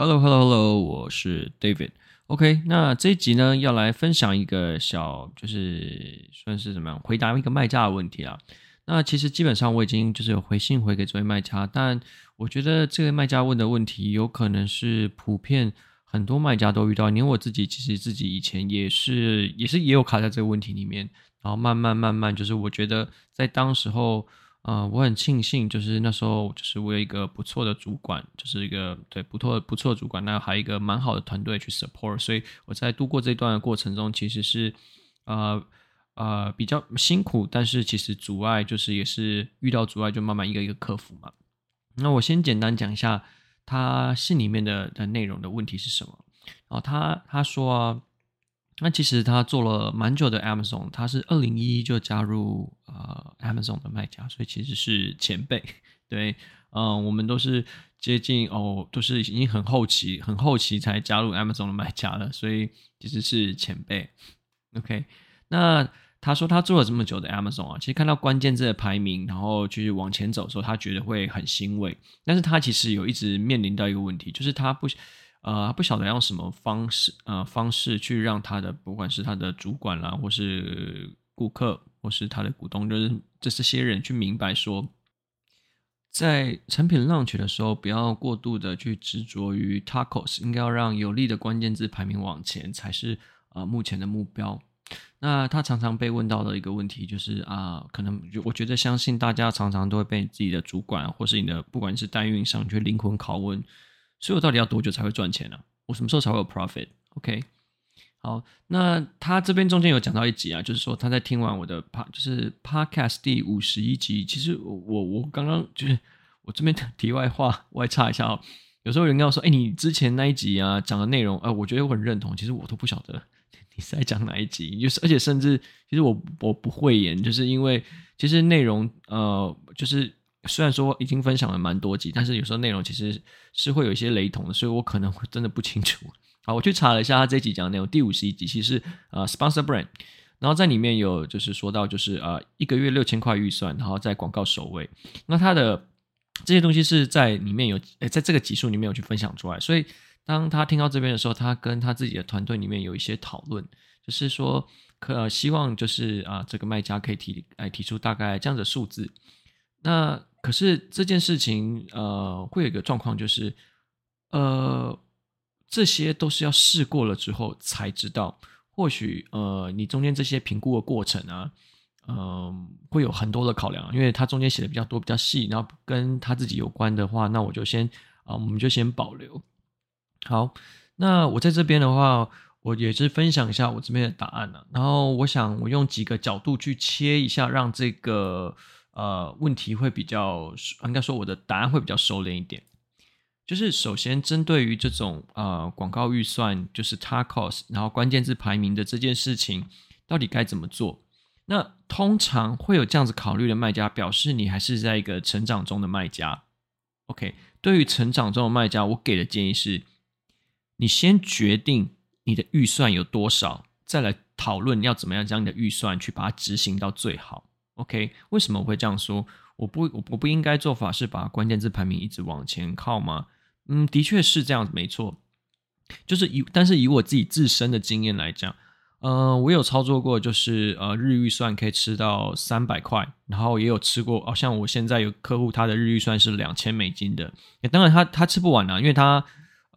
Hello Hello Hello，我是 David。OK，那這一集呢，要來分享一個小，就是算是怎麼樣回答一個賣家的問題啊。那其實基本上我已經就是有回信回給這位賣家，但我覺得這位賣家問的問題有可能是普遍很多賣家都遇到，連我自己其實自己以前也是也是也有卡在這個問題裡面，然後慢慢慢慢，就是我覺得在當時候。啊、呃，我很慶幸，就是那時候，就是我有一個不錯的主管，就是一個對不錯的不錯的主管，那還有一個蠻好的團隊去 support，所以我在度過這段的過程中，其實是，呃，呃，比較辛苦，但是其實阻礙就是也是遇到阻礙就慢慢一個一個克服嘛。那我先簡單講一下他信裡面的的內容的問題是什麼？哦，他他說啊。那其實他做了蠻久的 Amazon，他是二零一一就加入呃 Amazon 的賣家，所以其實是前輩。對，嗯，我們都是接近哦，都是已經很後期、很後期才加入 Amazon 的賣家了，所以其實是前輩。OK，那他說他做了這麼久的 Amazon 啊，其實看到關鍵字的排名，然後就是往前走的時候，他覺得會很欣慰。但是他其實有一直面臨到一個問題，就是他不。呃，不曉得要用什麼方式，呃，方式去讓他的，不管是他的主管啦，或是顧客，或是他的股東，就是這些人去明白說，在產品浪 a 的時候，不要過度的去執着於 tacos，應該要讓有利的關鍵字排名往前才是，呃，目前的目標。那他常常被問到的一個問題就是啊、呃，可能我覺得相信大家常常都會被自己的主管或是你的，不管是代運營商去靈魂拷問。所以我到底要多久才會賺錢呢、啊？我什麼時候才會有 profit？OK，okay. 好，那他這邊中間有講到一集啊，就是說他在聽完我的 pa 就是 podcast 第五十一集。其實我我剛剛就是我這邊的題外話外插一下哦。有時候有人跟我說，哎，你之前那一集啊講的內容，啊、呃，我覺得我很認同。其實我都不曉得你是在講哪一集，就是而且甚至其實我我不會演，就是因為其實內容呃就是。雖然說已經分享了蠻多集，但是有時候內容其實是會有一些雷同的，所以我可能會真的不清楚啊。我去查了一下他這集講的內容，第五十一集其實是呃 sponsor brand，然後在裡面有就是說到就是呃一個月六千塊預算，然後在廣告首位，那他的這些東西是在裡面有呃在這個集數裡面有去分享出來，所以當他聽到這邊的時候，他跟他自己的團隊裡面有一些討論，就是說可、呃、希望就是啊、呃、這個賣家可以提哎、呃、提出大概這樣子的數字。那可是這件事情，呃，會有一個狀況，就是，呃，這些都是要試過了之後才知道。或許，呃，你中間這些評估的過程啊，嗯、呃，會有很多的考量，因為他中間寫的比較多、比較細，然後跟他自己有關的話，那我就先啊、呃，我們就先保留。好，那我在這邊的話，我也是分享一下我這邊的答案呢、啊。然後，我想我用幾個角度去切一下，讓這個。呃，問題會比較，應該說我的答案會比較收斂一點。就是首先針對於這種呃廣告預算，就是 TACOS，然後關鍵字排名的這件事情，到底該怎麼做？那通常會有這樣子考慮的賣家表示，你還是在一個成長中的賣家。OK，對於成長中的賣家，我給的建議是，你先決定你的預算有多少，再來討論要怎麼樣將你的預算去把它執行到最好。OK，為什麼我會這樣說？我不，我不我不應該做法是把關鍵字排名一直往前靠嗎？嗯，的確是這樣子，沒錯。就是以，但是以我自己自身的經驗來講，呃，我有操作過，就是呃日預算可以吃到三百塊，然後也有吃過哦，像我現在有客戶，他的日預算是兩千美金的，當然他他吃不完了啊，因為他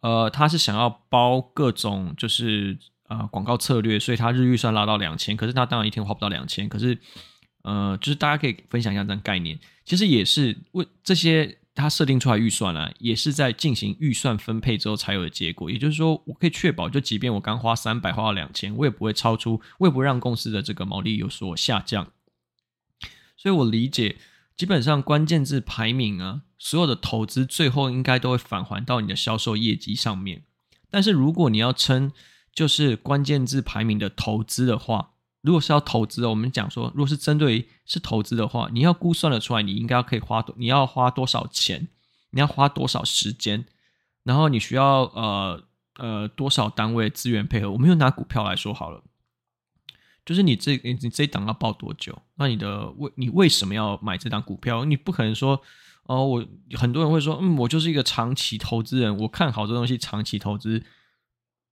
呃他是想要包各種就是呃廣告策略，所以他日預算拉到兩千，可是他當然一天花不到兩千，可是。呃，就是大家可以分享一下這樣概念，其實也是為這些他設定出來預算啦、啊，也是在進行預算分配之後才有的結果。也就是說，我可以確保，就即便我剛花三百，花了兩千，我也不會超出，我也不會讓公司的這個毛利有所下降。所以我理解，基本上關鍵字排名啊，所有的投資最後應該都會返還到你的銷售業績上面。但是如果你要稱就是關鍵字排名的投資的話，如果是要投資，我們講說，如果是針對是投資的話，你要估算的出來，你應該可以花多，你要花多少錢，你要花多少時間，然後你需要呃呃多少單位資源配合。我們用拿股票來說好了，就是你這你這一檔要抱多久？那你的為你為什麼要買這檔股票？你不可能說哦，我很多人會說，嗯，我就是一個長期投資人，我看好這東西長期投資。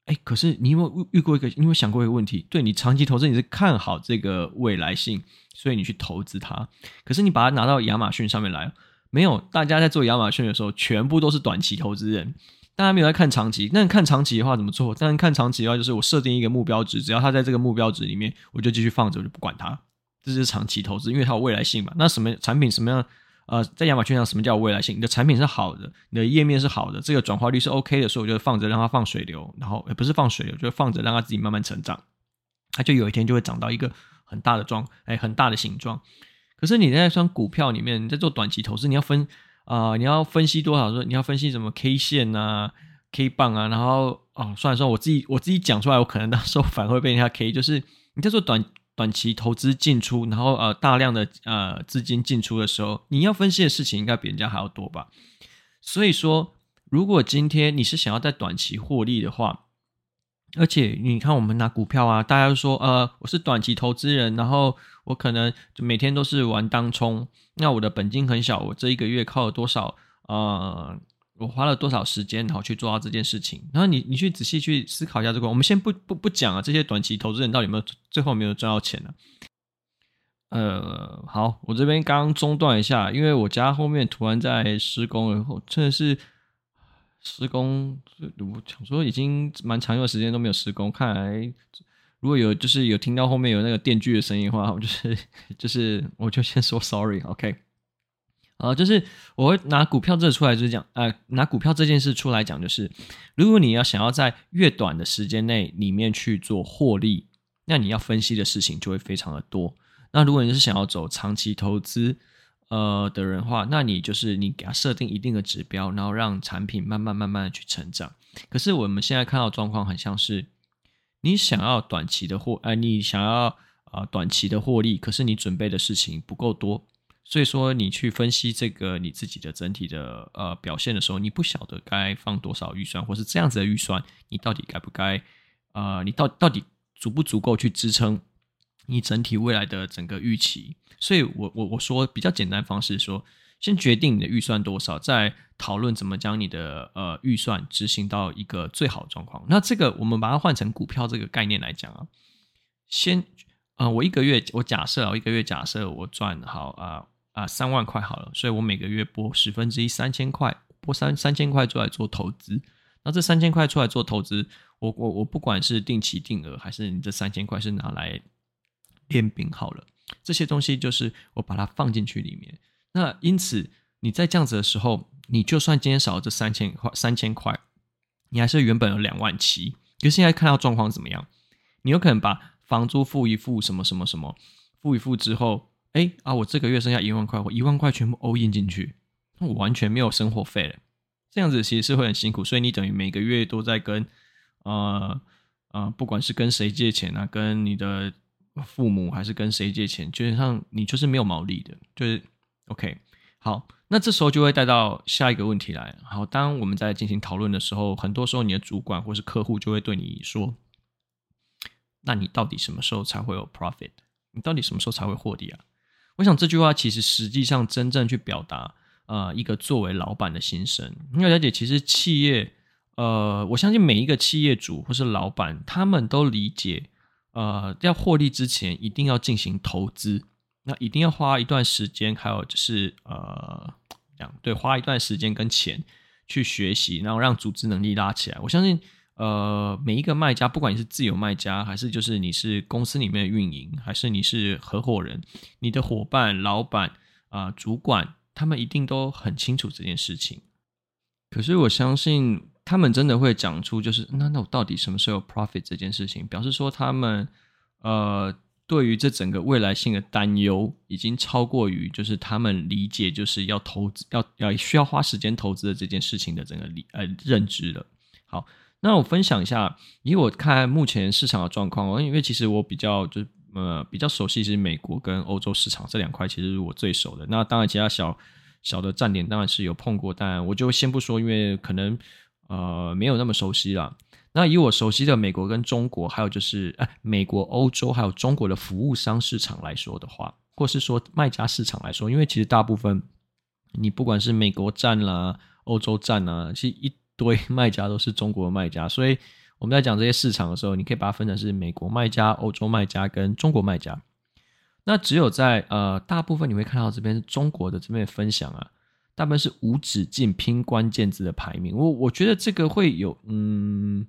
哎，可是你有沒有遇過一個？你有沒有想過一個問題？對你長期投資，你是看好這個未來性，所以你去投資它。可是你把它拿到亞馬遜上面來，沒有？大家在做亞馬遜的時候，全部都是短期投資人，大家沒有在看長期。那看長期的話怎麼做？當然看長期的話，就是我設定一個目標值，只要它在這個目標值裡面，我就繼續放着，我就不管它。這是長期投資，因為它有未來性嘛。那什麼產品什麼樣？呃，在亞馬遜上什麼叫未來性？你的產品是好的，你的頁面是好的，這個轉化率是 OK 的，所以我就放着讓它放水流，然後也不是放水流，就是放着讓它自己慢慢成長，它就有一天就會長到一個很大的狀，哎、欸，很大的形狀。可是你在算股票裡面，你在做短期投資，你要分啊、呃，你要分析多少？說你要分析什麼 K 線啊、K 棒啊，然後哦，算了算了，我自己我自己講出來，我可能到時候反而會被人家 K。就是你在做短短期投資進出，然後呃大量的呃資金進出的時候，你要分析的事情應該比人家還要多吧？所以說，如果今天你是想要在短期獲利的話，而且你看我們拿股票啊，大家都說呃我是短期投資人，然後我可能就每天都是玩當沖，那我的本金很小，我這一個月靠了多少啊？呃我花了多少時間，然後去做到這件事情？然後你，你去仔細去思考一下這個。我們先不不不講啊，這些短期投資人到底有沒有最後沒有賺到錢呢、啊？呃，好，我這邊剛中斷一下，因為我家後面突然在施工，然後真的是施工，我想說已經蠻長一段時間都沒有施工，看來如果有就是有聽到後面有那個電鋸的聲音的話，我就是就是我就先說 sorry，OK，okay。啊、呃，就是我會拿股票這出來，就是講，呃，拿股票這件事出來講，就是如果你要想要在越短的時間內裡面去做獲利，那你要分析的事情就會非常的多。那如果你是想要走長期投資，呃，的人話，那你就是你給他設定一定的指標，然後讓產品慢慢慢慢的去成長。可是我們現在看到的狀況很像是，你想要短期的獲，呃，你想要啊、呃、短期的獲利，可是你準備的事情不夠多。所以說，你去分析這個你自己的整體的呃表現的時候，你不曉得該放多少預算，或是這樣子的預算，你到底該不該，呃，你到到底足不足夠去支撐你整體未來的整個預期？所以，我我我說比較簡單方式，說先決定你的預算多少，再討論怎麼將你的呃預算執行到一個最好的狀況。那這個我們把它換成股票這個概念來講啊，先，呃，我一個月，我假設啊，我一個月假設我賺好啊。啊，三萬塊好了，所以我每個月撥十分之一，三千塊撥三三千塊出來做投資。那這三千塊出來做投資，我我我不管是定期定額，還是你這三千塊是拿來練兵好了，這些東西就是我把它放進去裡面。那因此你在這樣子的時候，你就算今天少了這三千塊三千塊，你還是原本有兩萬七。可是現在看到狀況怎麼樣？你有可能把房租付一付，什麼什麼什麼付一付之後，誒啊！我這個月剩下一萬塊，我一萬塊全部 all in 進去，那我完全沒有生活費了。這樣子其實是會很辛苦，所以你等於每個月都在跟，呃呃，不管是跟誰借錢啊，跟你的父母還是跟誰借錢，基本上你就是沒有毛利的，就是 OK。好，那這時候就會帶到下一個問題來。好，當我們在進行討論的時候，很多時候你的主管或是客戶就會對你說：“那你到底什麼時候才會有 profit？你到底什麼時候才會獲利啊？”我想這句話其實實際上真正去表達，呃，一個作為老板的心聲。因為了解，其實企業，呃，我相信每一個企業主或是老板，他們都理解，呃，在獲利之前一定要進行投資，那一定要花一段時間，還有就是呃，對，花一段時間跟錢去學習，然後讓組織能力拉起來。我相信。呃，每一個賣家，不管你是自由賣家，還是就是你是公司裡面的運營，還是你是合夥人、你的伙伴、老板啊、呃、主管，他們一定都很清楚這件事情。可是我相信，他們真的會講出，就是那那我到底什麼時候有 profit 這件事情，表示說他們呃，對於這整個未來性的擔憂，已經超過於就是他們理解就是要投資、要要需要花時間投資的這件事情的整個理呃認知了。好。那我分享一下，以我看目前市場的狀況，因為其實我比較就是呃比較熟悉，其實美國跟歐洲市場這兩塊其實是我最熟的。那當然其他小小的站點當然是有碰過，但我就先不說，因為可能呃沒有那麼熟悉啦。那以我熟悉的美國跟中國，還有就是哎、呃、美國、歐洲還有中國的服務商市場來說的話，或是說賣家市場來說，因為其實大部分你不管是美國站啦、啊、歐洲站啦、啊，其實一。對，賣家都是中國的賣家，所以我們在講這些市場的時候，你可以把它分成是美國賣家、歐洲賣家跟中國賣家。那只有在呃，大部分你會看到這邊是中國的這邊的分享啊，大部分是無止境拼關鍵字的排名。我我覺得這個會有嗯、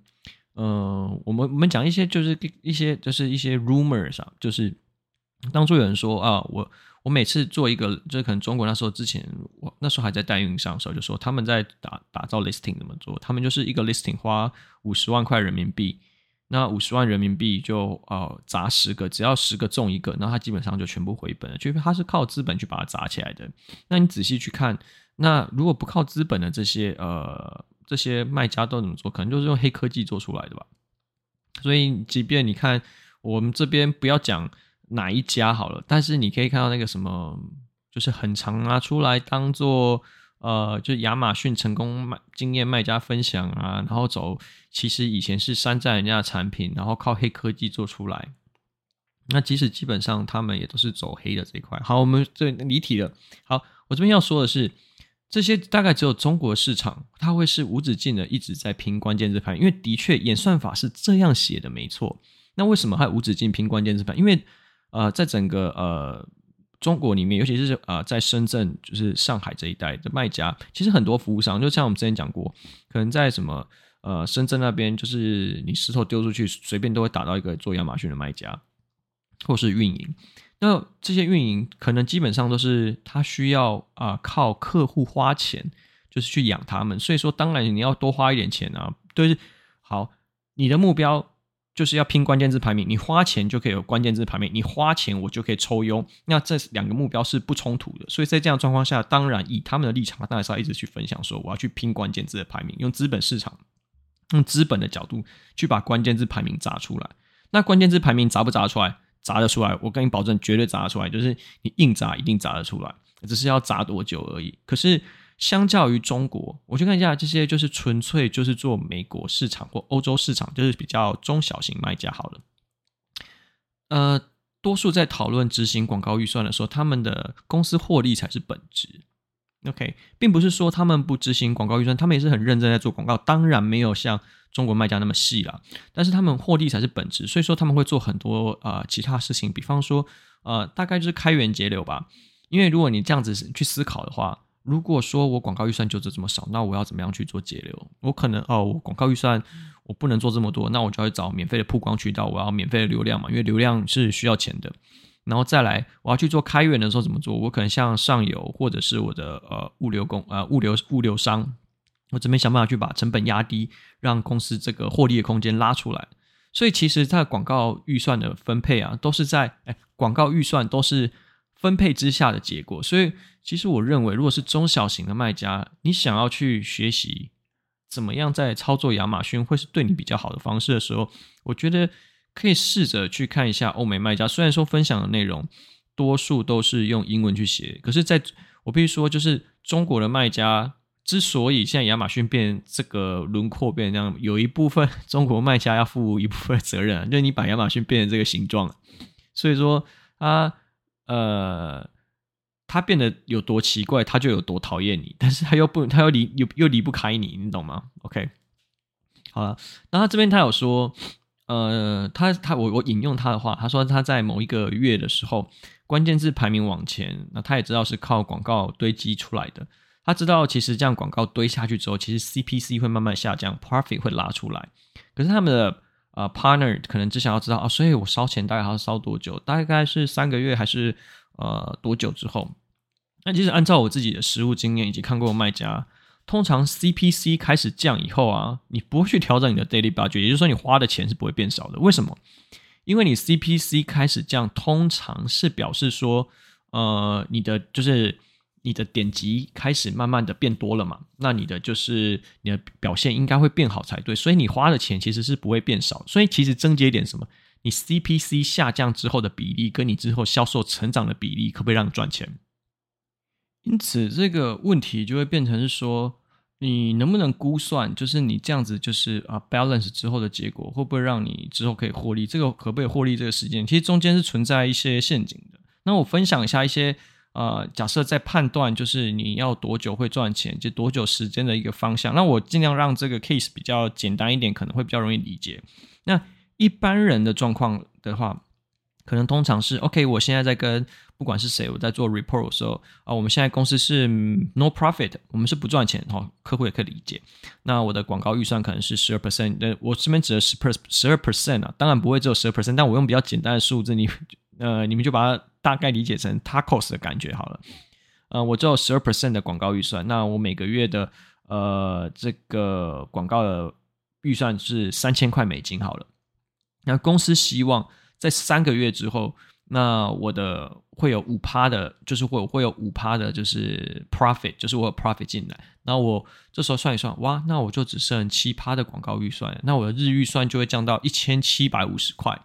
呃、我們我們講一些就是一,一些就是一些 rumors 啊，就是。當初有人說啊，我我每次做一個，就是可能中國那時候之前，我那時候還在代運營商的時候，就說他們在打打造 listing 怎麼做？他們就是一個 listing 花五十萬塊人民幣，那五十萬人民幣就呃、啊、砸十個，只要十個中一個，那他基本上就全部回本了，就是他是靠資本去把它砸起來的。那你仔細去看，那如果不靠資本的這些呃這些賣家都怎麼做？可能就是用黑科技做出來的吧。所以即便你看我們這邊不要講。哪一家好了？但是你可以看到那個什麼，就是很常拿出來當做，呃，就是亞馬遜成功賣經驗賣家分享啊，然後走，其實以前是山寨人家的產品，然後靠黑科技做出來。那即使基本上他們也都是走黑的這一塊。好，我們這離題了。好，我這邊要說的是，這些大概只有中國市場，它會是無止境的一直在拼關鍵字排名，因為的確演算法是這樣寫的，沒錯。那為什麼還無止境拼關鍵字排名？因為呃，在整個呃中國裡面，尤其是啊、呃、在深圳，就是上海這一帶的賣家，其實很多服務商，就像我們之前講過，可能在什麼呃深圳那邊，就是你石頭丟出去，隨便都會打到一個做亞馬遜的賣家，或是運營。那這些運營可能基本上都是他需要啊、呃、靠客戶花錢，就是去養他們。所以說，當然你要多花一點錢啊，對是好，你的目標。就是要拼關鍵字排名，你花錢就可以有關鍵字排名，你花錢我就可以抽佣，那這兩個目標是不衝突的，所以在這樣狀況下，當然以他們的立場，當然是要一直去分享說，我要去拼關鍵字的排名，用資本市場，用資本的角度去把關鍵字排名砸出來。那關鍵字排名砸不砸得出來？砸得出來，我跟你保證絕對砸得出來，就是你硬砸一定砸得出來，只是要砸多久而已。可是。相較於中國，我去看一下這些，就是純粹就是做美國市場或歐洲市場，就是比較中小型賣家好了。呃，多數在討論執行廣告預算的時候，他們的公司獲利才是本質。OK，並不是說他們不執行廣告預算，他們也是很認真在做廣告，當然沒有像中國賣家那麼細啦。但是他們獲利才是本質，所以說他們會做很多啊、呃、其他事情，比方說呃，大概就是開源節流吧。因為如果你這樣子去思考的話。如果說我廣告預算就這這麼少，那我要怎麼樣去做節流？我可能哦，我廣告預算我不能做這麼多，那我就會找免費的曝光渠道，我要免費的流量嘛，因為流量是需要錢的。然後再來，我要去做開源的時候怎麼做？我可能像上游或者是我的呃物流工，呃物流物流商，我這邊想辦法去把成本壓低，讓公司這個獲利的空間拉出來。所以其實它的廣告預算的分配啊，都是在哎廣告預算都是。分配之下的結果，所以其實我認為，如果是中小型的賣家，你想要去學習怎麼樣在操作亞馬遜，會是對你比較好的方式的時候，我覺得可以試着去看一下歐美賣家。雖然說分享的內容多數都是用英文去寫，可是在我必須說，就是中國的賣家之所以現在亞馬遜變這個輪廓變成這樣，有一部分中國賣家要負一部分責任啊，就是你把亞馬遜變成這個形狀啊，所以說啊。呃，他變得有多奇怪，他就有多討厭你。但是他又不，他又離又又離不開你，你懂嗎？OK，好了，那他這邊他有說，呃，他他我我引用他的話，他說他在某一個月的時候，關鍵字排名往前，那他也知道是靠廣告堆積出來的。他知道其實這樣廣告堆下去之後，其實 CPC 會慢慢下降，profit 會拉出來，可是他們的。啊、uh，partner 可能只想要知道啊，所以我燒錢大概還要燒多久？大概是三個月還是呃多久之後？那其實按照我自己的實務經驗以及看過的賣家，通常 CPC 開始降以後啊，你不會去調整你的 daily budget，也就是說你花的錢是不會變少的。為什麼？因為你 CPC 開始降，通常是表示說呃你的就是。你的點擊開始慢慢的變多了嘛？那你的就是你的表現應該會變好才對，所以你花的錢其實是不會變少，所以其實癥結點什麼，你 CPC 下降之後的比例跟你之後銷售成長的比例，可不可以讓你賺錢？因此這個問題就會變成是說，你能不能估算，就是你這樣子就是啊 balance 之後的結果，會不會讓你之後可以獲利？這個可不可以獲利？這個時間其實中間是存在一些陷阱的。那我分享一下一些。呃，假設在判斷就是你要多久會賺錢，就是、多久時間的一個方向。那我儘量讓這個 case 比較簡單一點，可能會比較容易理解。那一般人的狀況的話，可能通常是 OK。我現在在跟不管是誰，我在做 report 的時候啊、呃，我們現在公司是 no profit，我們是不賺錢哈、哦，客戶也可以理解。那我的廣告預算可能是十二 percent，那我這邊指的是十 per 十二 percent 啊，當然不會只有十二 percent，但我用比較簡單的數字，你呃，你們就把它。大概理解成 tacos 的感覺好了。呃，我只有十二 percent 的廣告預算，那我每個月的呃，這個廣告的預算是三千塊美金好了。那公司希望在三個月之後，那我的會有五趴的，就是會會有五趴的，就是 profit，就是我有 profit 進來。那我這時候算一算，哇，那我就只剩七趴的廣告預算，那我的日預算就會降到一千七百五十塊。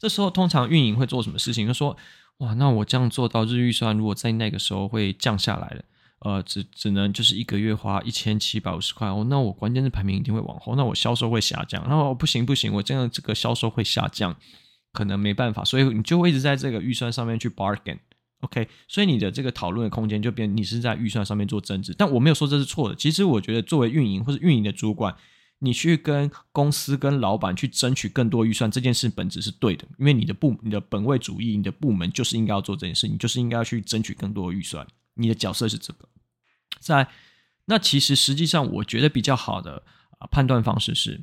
這時候通常運營會做什麼事情？就說。哇，那我這樣做到日預算，如果在那個時候會降下來了，呃，只只能就是一個月花一千七百五十塊哦，那我關鍵是排名一定會往後，那我銷售會下降，那我、哦、不行不行，我這樣這個銷售會下降，可能沒辦法，所以你就會一直在這個預算上面去 bargain，OK，okay? 所以你的這個討論的空間就變，你是在預算上面做增值，但我沒有說這是錯的，其實我覺得作為運營或者運營的主管。你去跟公司、跟老闆去爭取更多預算這件事本質是對的，因為你的部、你的本位主義、你的部門就是應該要做這件事，你就是應該要去爭取更多的預算。你的角色是這個，在那其實實際上，我覺得比較好的啊判斷方式是，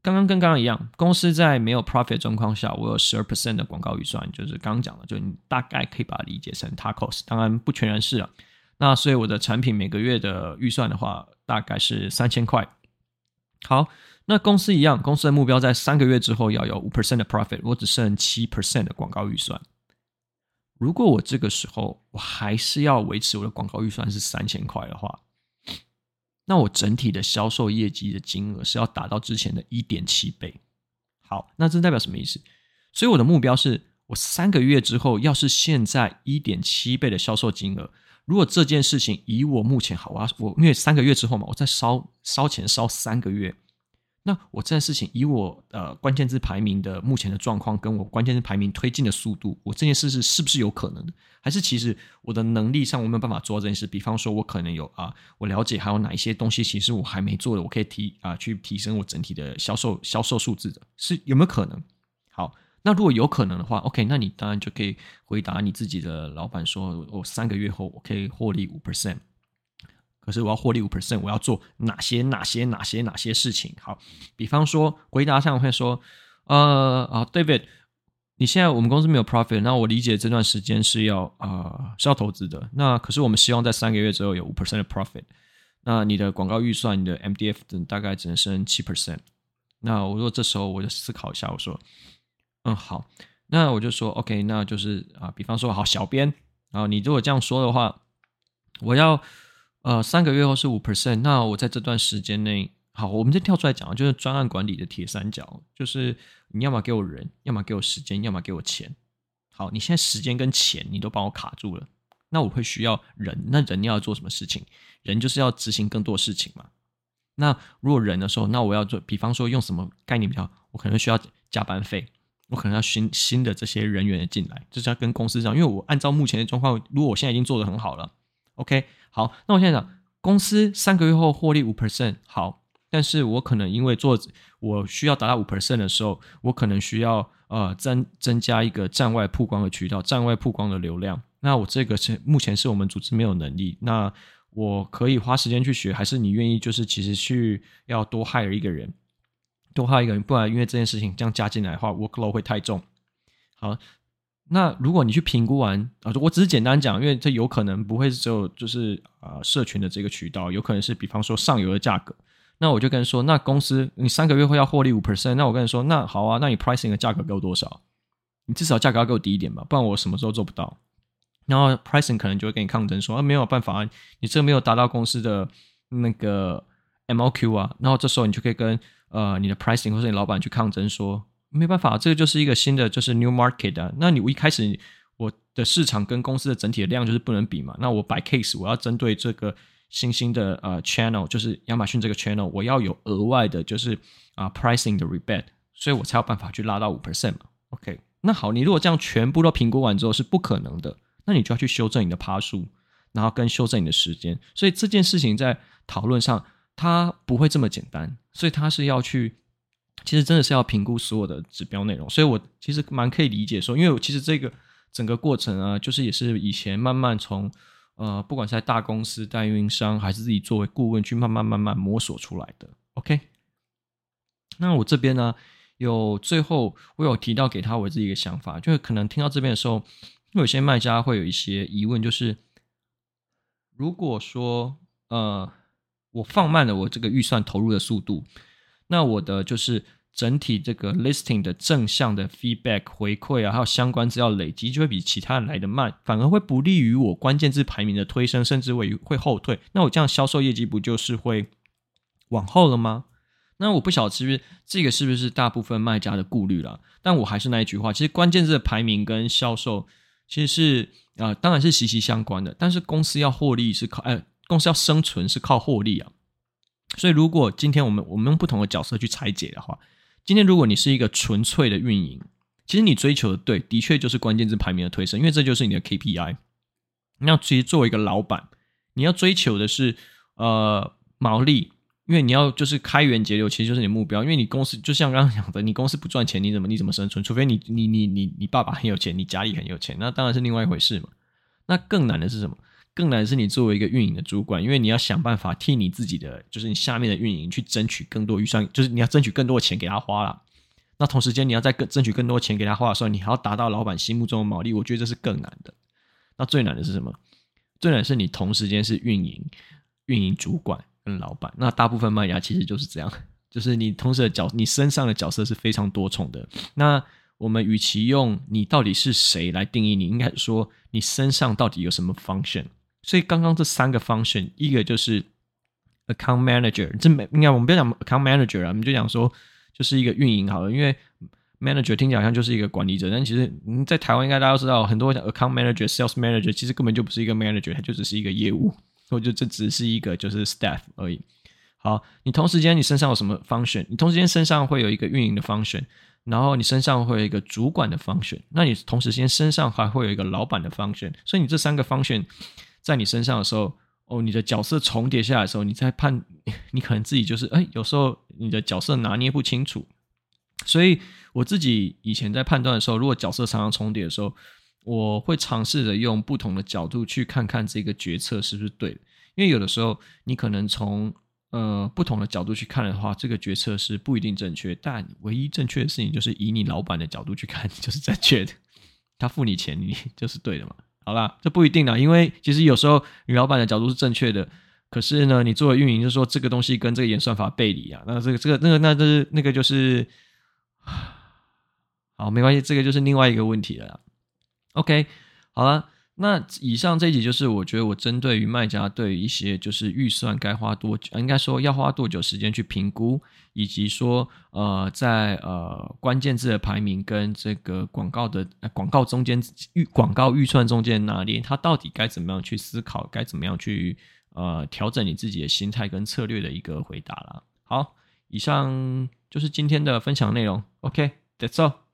剛剛跟剛剛一樣，公司在沒有 profit 狀況下，我有十二 percent 的廣告預算，就是剛剛講的，就你大概可以把它理解成 tacos，當然不全然是了、啊。那所以我的產品每個月的預算的話，大概是三千塊。好，那公司一樣，公司的目標在三個月之後要有五 percent 的 profit，我只剩七 percent 的廣告預算。如果我這個時候我還是要維持我的廣告預算是三千塊的話，那我整體的銷售業績的金額是要達到之前的一點七倍。好，那這代表什麼意思？所以我的目標是我三個月之後要是現在一點七倍的銷售金額。如果這件事情以我目前好啊，我我因為三個月之後嘛，我再燒燒錢燒三個月，那我這件事情以我呃關鍵字排名的目前的狀況，跟我關鍵字排名推進的速度，我這件事是是不是有可能？還是其實我的能力上我沒有辦法做這件事？比方說我可能有啊，我了解還有哪一些東西，其實我還沒做的，我可以提啊去提升我整體的銷售銷售數字的，是有沒有可能？好。那如果有可能的話，OK，那你當然就可以回答你自己的老闆說：“我、哦、三個月後我可以獲利五 percent。”可是我要獲利五 percent，我要做哪些哪些哪些哪些事情？好，比方說回答上我會說：“呃，d a v i d 你現在我們公司沒有 profit，那我理解這段時間是要啊、呃、是要投資的。那可是我們希望在三個月之後有五 percent 的 profit。那你的廣告預算、你的 MDF 等大概只能升七 percent。那我說這時候我就思考一下，我說。”嗯、好，那我就說 OK，那就是啊，比方說好，小編，然後你如果這樣說的話，我要呃三個月後是五 percent，那我在這段時間內，好，我們再跳出來講，就是專案管理的鐵三角，就是你要麼給我人，要麼給我時間，要麼給我錢。好，你現在時間跟錢你都幫我卡住了，那我會需要人，那人要做什麼事情？人就是要執行更多事情嘛。那如果人的時候，那我要做，比方說用什麼概念比較？我可能需要加班費。我可能要新新的這些人員進來，就是要跟公司這樣，因為我按照目前的狀況，如果我現在已經做得很好了，OK，好，那我現在講公司三個月後獲利五 percent，好，但是我可能因為做，我需要達到五 percent 的時候，我可能需要呃增增加一個站外曝光的渠道，站外曝光的流量，那我這個是目前是我們組織沒有能力，那我可以花時間去學，還是你願意就是其實去要多 hire 一個人？多花一個人，不然因為這件事情這樣加進來的話，workload 會太重。好，那如果你去評估完啊，我只是簡單講，因為這有可能不會只有就是啊、呃，社群的這個渠道，有可能是比方說上游的價格。那我就跟你說，那公司你三個月會要獲利五 percent，那我跟你說，那好啊，那你 pricing 的價格給我多少？你至少價格要給我低一點吧，不然我什麼時候做不到？然後 pricing 可能就會跟你抗爭說，說啊沒有辦法、啊，你這沒有達到公司的那個 MOQ 啊。然後這時候你就可以跟呃，你的 pricing 或是你老闆去抗爭說，沒辦法，這個就是一個新的，就是 new market、啊。那你一開始我的市場跟公司的整體的量就是不能比嘛？那我 by case 我要針對這個新興的呃、uh, channel，就是亞馬遜這個 channel，我要有額外的，就是啊、uh, pricing 的 rebate，所以我才有辦法去拉到五 percent 嘛。OK，那好，你如果這樣全部都評估完之後是不可能的，那你就要去修正你的趴數，然後跟修正你的時間。所以這件事情在討論上，它不會這麼簡單。所以他是要去，其實真的是要評估所有的指標內容。所以我其實蠻可以理解說，因為我其實這個整個過程啊，就是也是以前慢慢從呃，不管是在大公司、代運營商，還是自己作為顧問去慢慢慢慢摸索出來的。OK，那我這邊呢，有最後我有提到給他我自己的想法，就是可能聽到這邊的時候，有些賣家會有一些疑問，就是如果說呃。我放慢了我這個預算投入的速度，那我的就是整體這個 listing 的正向的 feedback 回饋啊，還有相關資料累積，就會比其他人來得慢，反而會不利於我關鍵字排名的推升，甚至會會後退。那我這樣銷售業績不就是會往後了嗎？那我不曉得是不是這個是不是大部分賣家的顧慮了？但我還是那一句話，其實關鍵字的排名跟銷售其實是啊、呃，當然是息息相關的。但是公司要獲利是靠公司要生存是靠獲利啊，所以如果今天我們我們用不同的角色去拆解的話，今天如果你是一個純粹的運營，其實你追求的對，的確就是關鍵字排名的推升，因為這就是你的 KPI。那其實作為一個老板，你要追求的是呃毛利，因為你要就是開源節流，其實就是你的目標，因為你公司就像剛剛講的，你公司不賺錢，你怎麼你怎麼生存？除非你你你你你爸爸很有錢，你家裡很有錢，那當然是另外一回事嘛。那更難的是什麼？更難的是你作為一個運營的主管，因為你要想辦法替你自己的，就是你下面的運營去爭取更多預算，就是你要爭取更多的錢給他花了。那同時間你要再更爭取更多錢給他花的時候，你還要達到老板心目中的毛利，我覺得這是更難的。那最難的是什麼？最難是你同時間是運營、運營主管跟老板。那大部分賣家其實就是這樣，就是你同時的角，你身上的角色是非常多重的。那我們與其用你到底是誰來定義你，你應該說你身上到底有什麼 function。所以剛剛這三個 function，一個就是 account manager，這沒應該我們不要講 account manager，我們就講說就是一個運營好了。因為 manager 聽起來好像就是一個管理者，但其實你在台灣應該大家都知道，很多講 account manager、sales manager 其實根本就不是一個 manager，它就只是一個業務，所以這只是一個就是 staff 而已。好，你同時間你身上有什麼 function？你同時間身上會有一個運營的 function，然後你身上會有一個主管的 function，那你同時間身上還會有一個老闆的 function。所以你這三個 function，在你身上的時候，哦，你的角色重疊下來的時候，你在判，你可能自己就是，哎，有時候你的角色拿捏不清楚。所以我自己以前在判斷的時候，如果角色常常重疊的時候，我會嘗試着用不同的角度去看看這個決策是不是對的。因為有的時候你可能從呃不同的角度去看的話，這個決策是不一定正確，但唯一正確的事情就是以你老板的角度去看，就是正確的，他付你錢，你就是對的嘛。好了，這不一定啦，因為其實有時候女老板的角度是正確的，可是呢，你作為運營，就是說這個東西跟這個演算法背離啊，那這個這個那個，那、就是那個就是，好，沒關係，這個就是另外一個問題了啦。OK，好了。那以上這一集就是我覺得我針對於賣家對於一些就是預算該花多久，應該說要花多久時間去評估，以及說呃在呃關鍵字的排名跟這個廣告的廣告中間，預廣告預算中間哪裡，他到底該怎麼樣去思考，該怎麼樣去呃調整你自己的心態跟策略的一個回答啦。好，以上就是今天的分享內容。OK，That's all。